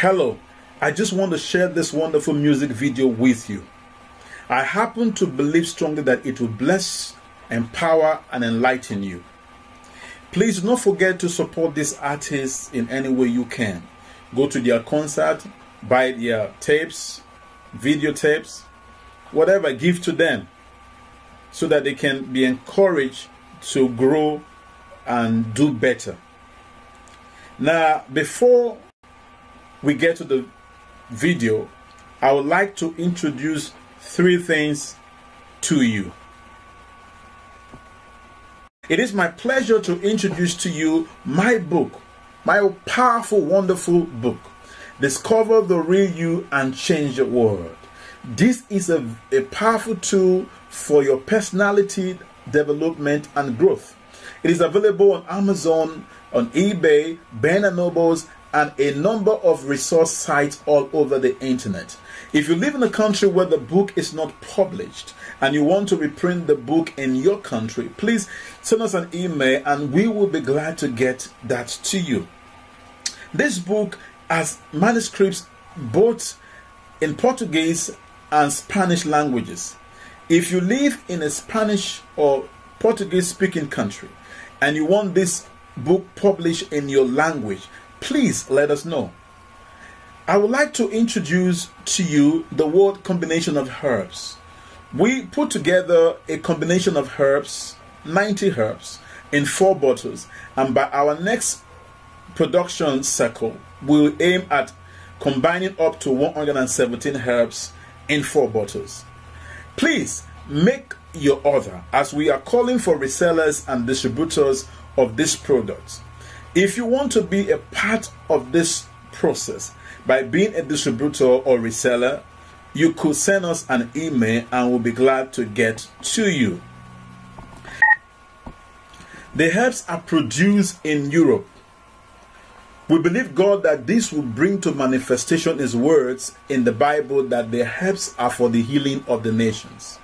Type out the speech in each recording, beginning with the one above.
Hello, I just want to share this wonderful music video with you. I happen to believe strongly that it will bless, empower, and enlighten you. Please do not forget to support these artists in any way you can. Go to their concert, buy their tapes, videotapes, whatever, give to them so that they can be encouraged to grow and do better. Now, before we get to the video, I would like to introduce three things to you. It is my pleasure to introduce to you my book, my powerful, wonderful book, Discover the Real You and Change the World. This is a, a powerful tool for your personality development and growth. It is available on Amazon, on eBay, Ben & Nobles, and a number of resource sites all over the internet. If you live in a country where the book is not published and you want to reprint the book in your country, please send us an email and we will be glad to get that to you. This book has manuscripts both in Portuguese and Spanish languages. If you live in a Spanish or Portuguese speaking country and you want this book published in your language, please let us know. I would like to introduce to you the word combination of herbs. We put together a combination of herbs, 90 herbs, in four bottles, and by our next production cycle, we'll aim at combining up to 117 herbs in four bottles. Please make your order as we are calling for resellers and distributors of this product. If you want to be a part of this process by being a distributor or reseller, you could send us an email and we'll be glad to get to you. The herbs are produced in Europe. We believe God that this will bring to manifestation His words in the Bible that the herbs are for the healing of the nations.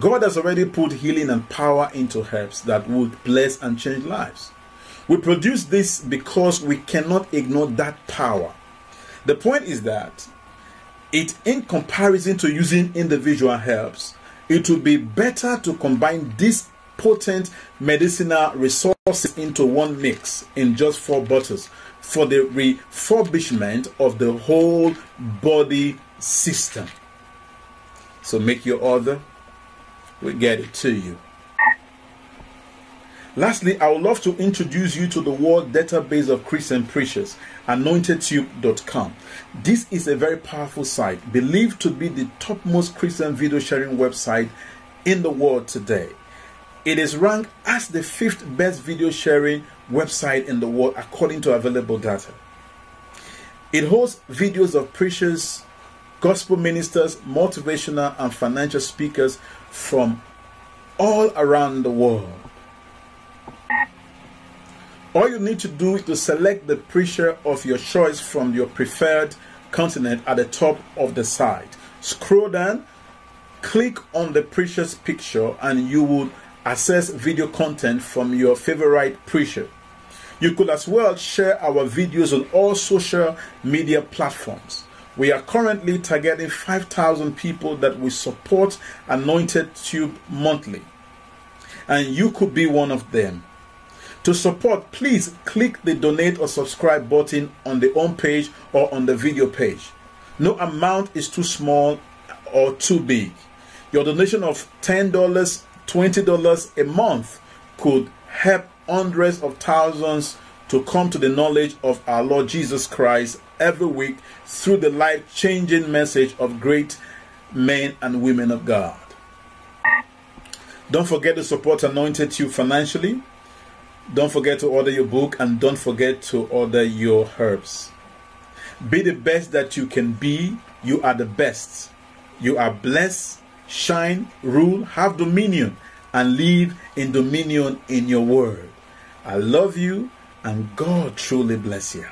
God has already put healing and power into herbs that would bless and change lives. We produce this because we cannot ignore that power. The point is that it, in comparison to using individual herbs, it would be better to combine these potent medicinal resources into one mix in just four bottles for the refurbishment of the whole body system. So make your order, we get it to you. Lastly, I would love to introduce you to the World Database of Christian Preachers, anointedtube.com. This is a very powerful site, believed to be the topmost Christian video sharing website in the world today. It is ranked as the fifth best video sharing website in the world according to available data. It hosts videos of preachers, gospel ministers, motivational, and financial speakers from all around the world. All you need to do is to select the preacher of your choice from your preferred continent at the top of the site. Scroll down, click on the preacher's picture, and you will access video content from your favorite preacher. You could as well share our videos on all social media platforms. We are currently targeting 5,000 people that we support Anointed Tube monthly. And you could be one of them. To support, please click the donate or subscribe button on the home page or on the video page. No amount is too small or too big. Your donation of $10, $20 a month could help hundreds of thousands to come to the knowledge of our Lord Jesus Christ every week through the life changing message of great men and women of God. Don't forget to support Anointed You financially. Don't forget to order your book and don't forget to order your herbs. Be the best that you can be. You are the best. You are blessed, shine, rule, have dominion, and live in dominion in your world. I love you and God truly bless you.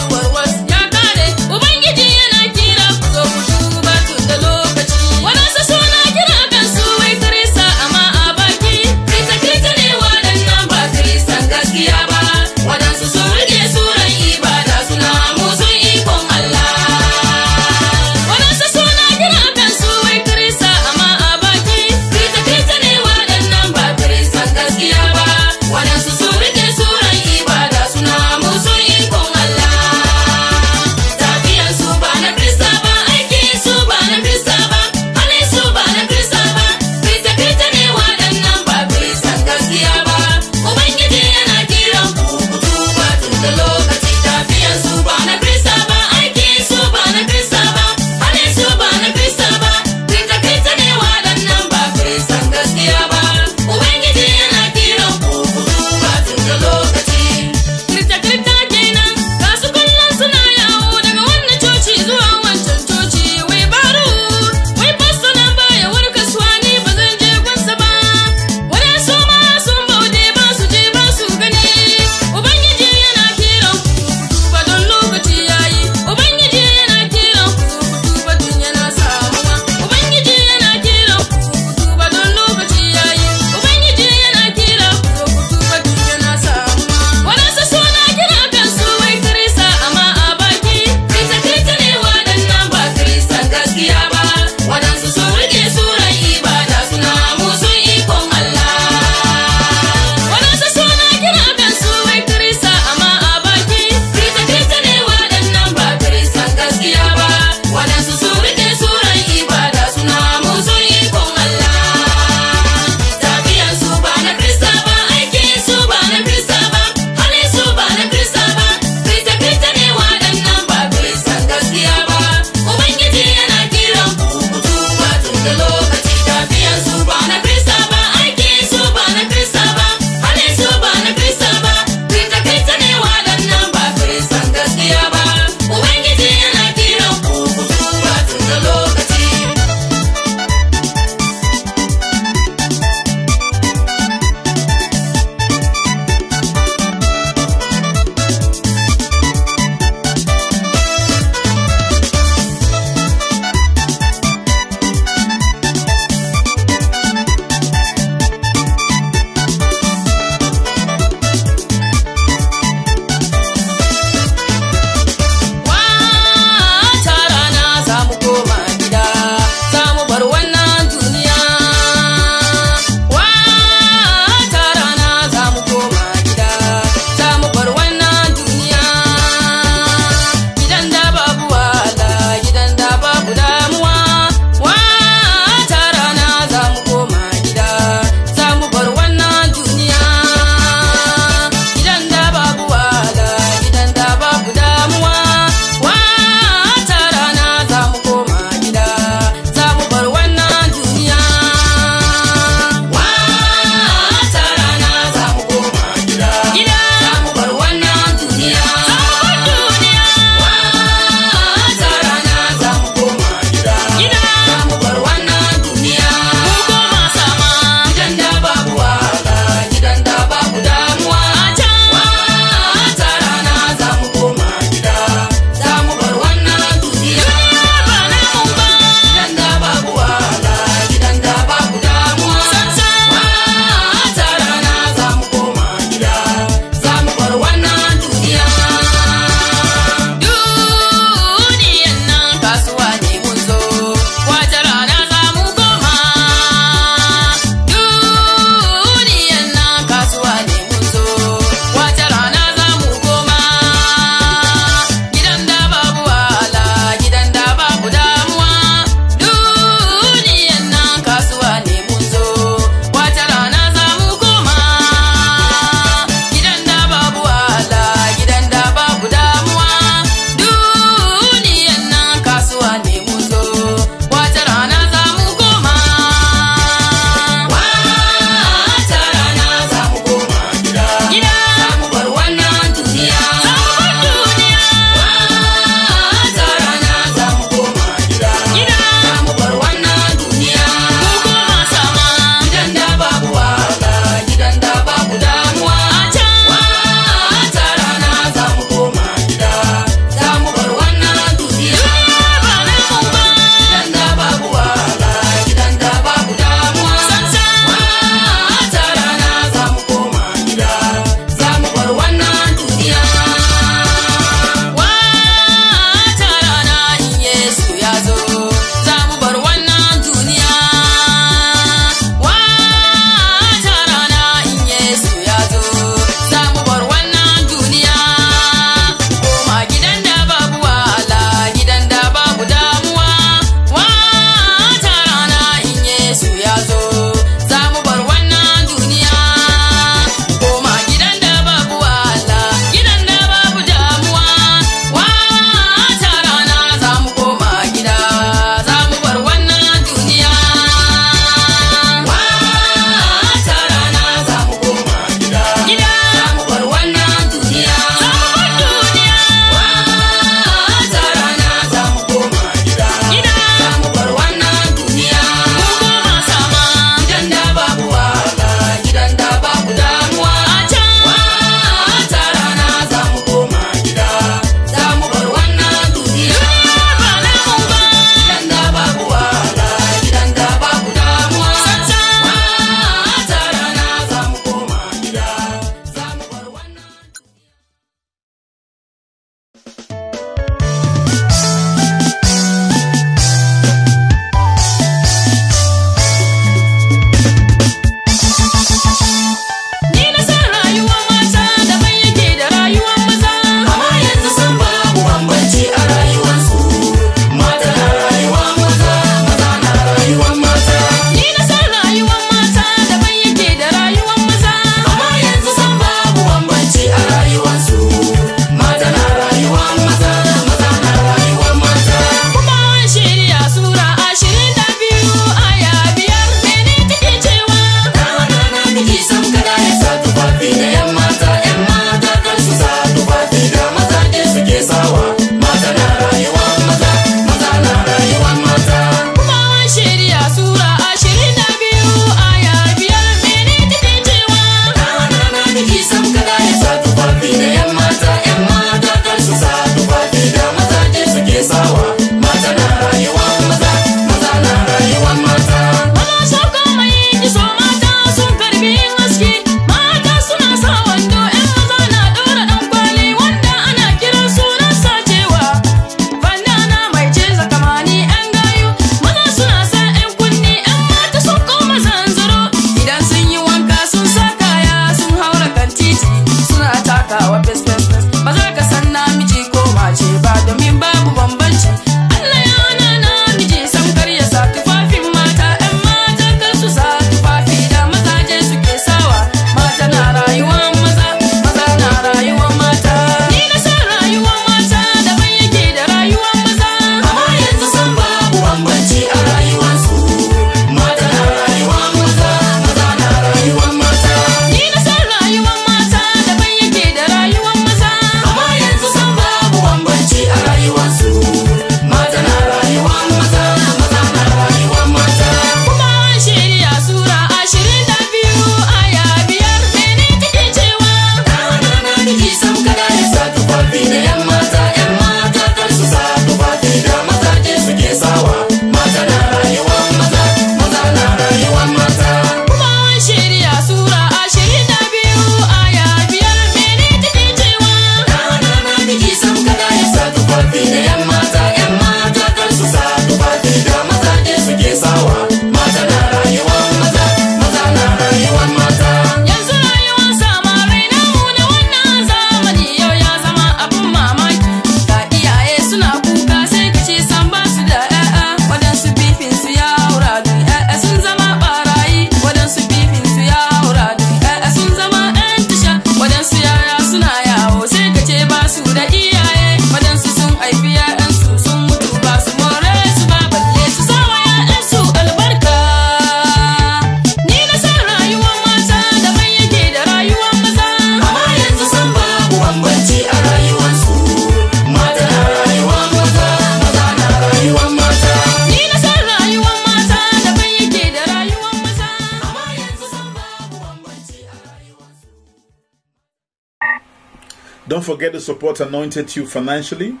Support Anointed You financially.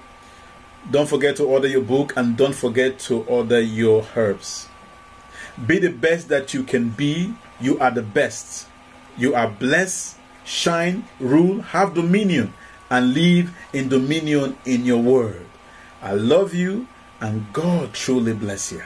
Don't forget to order your book and don't forget to order your herbs. Be the best that you can be. You are the best. You are blessed. Shine, rule, have dominion, and live in dominion in your word. I love you, and God truly bless you.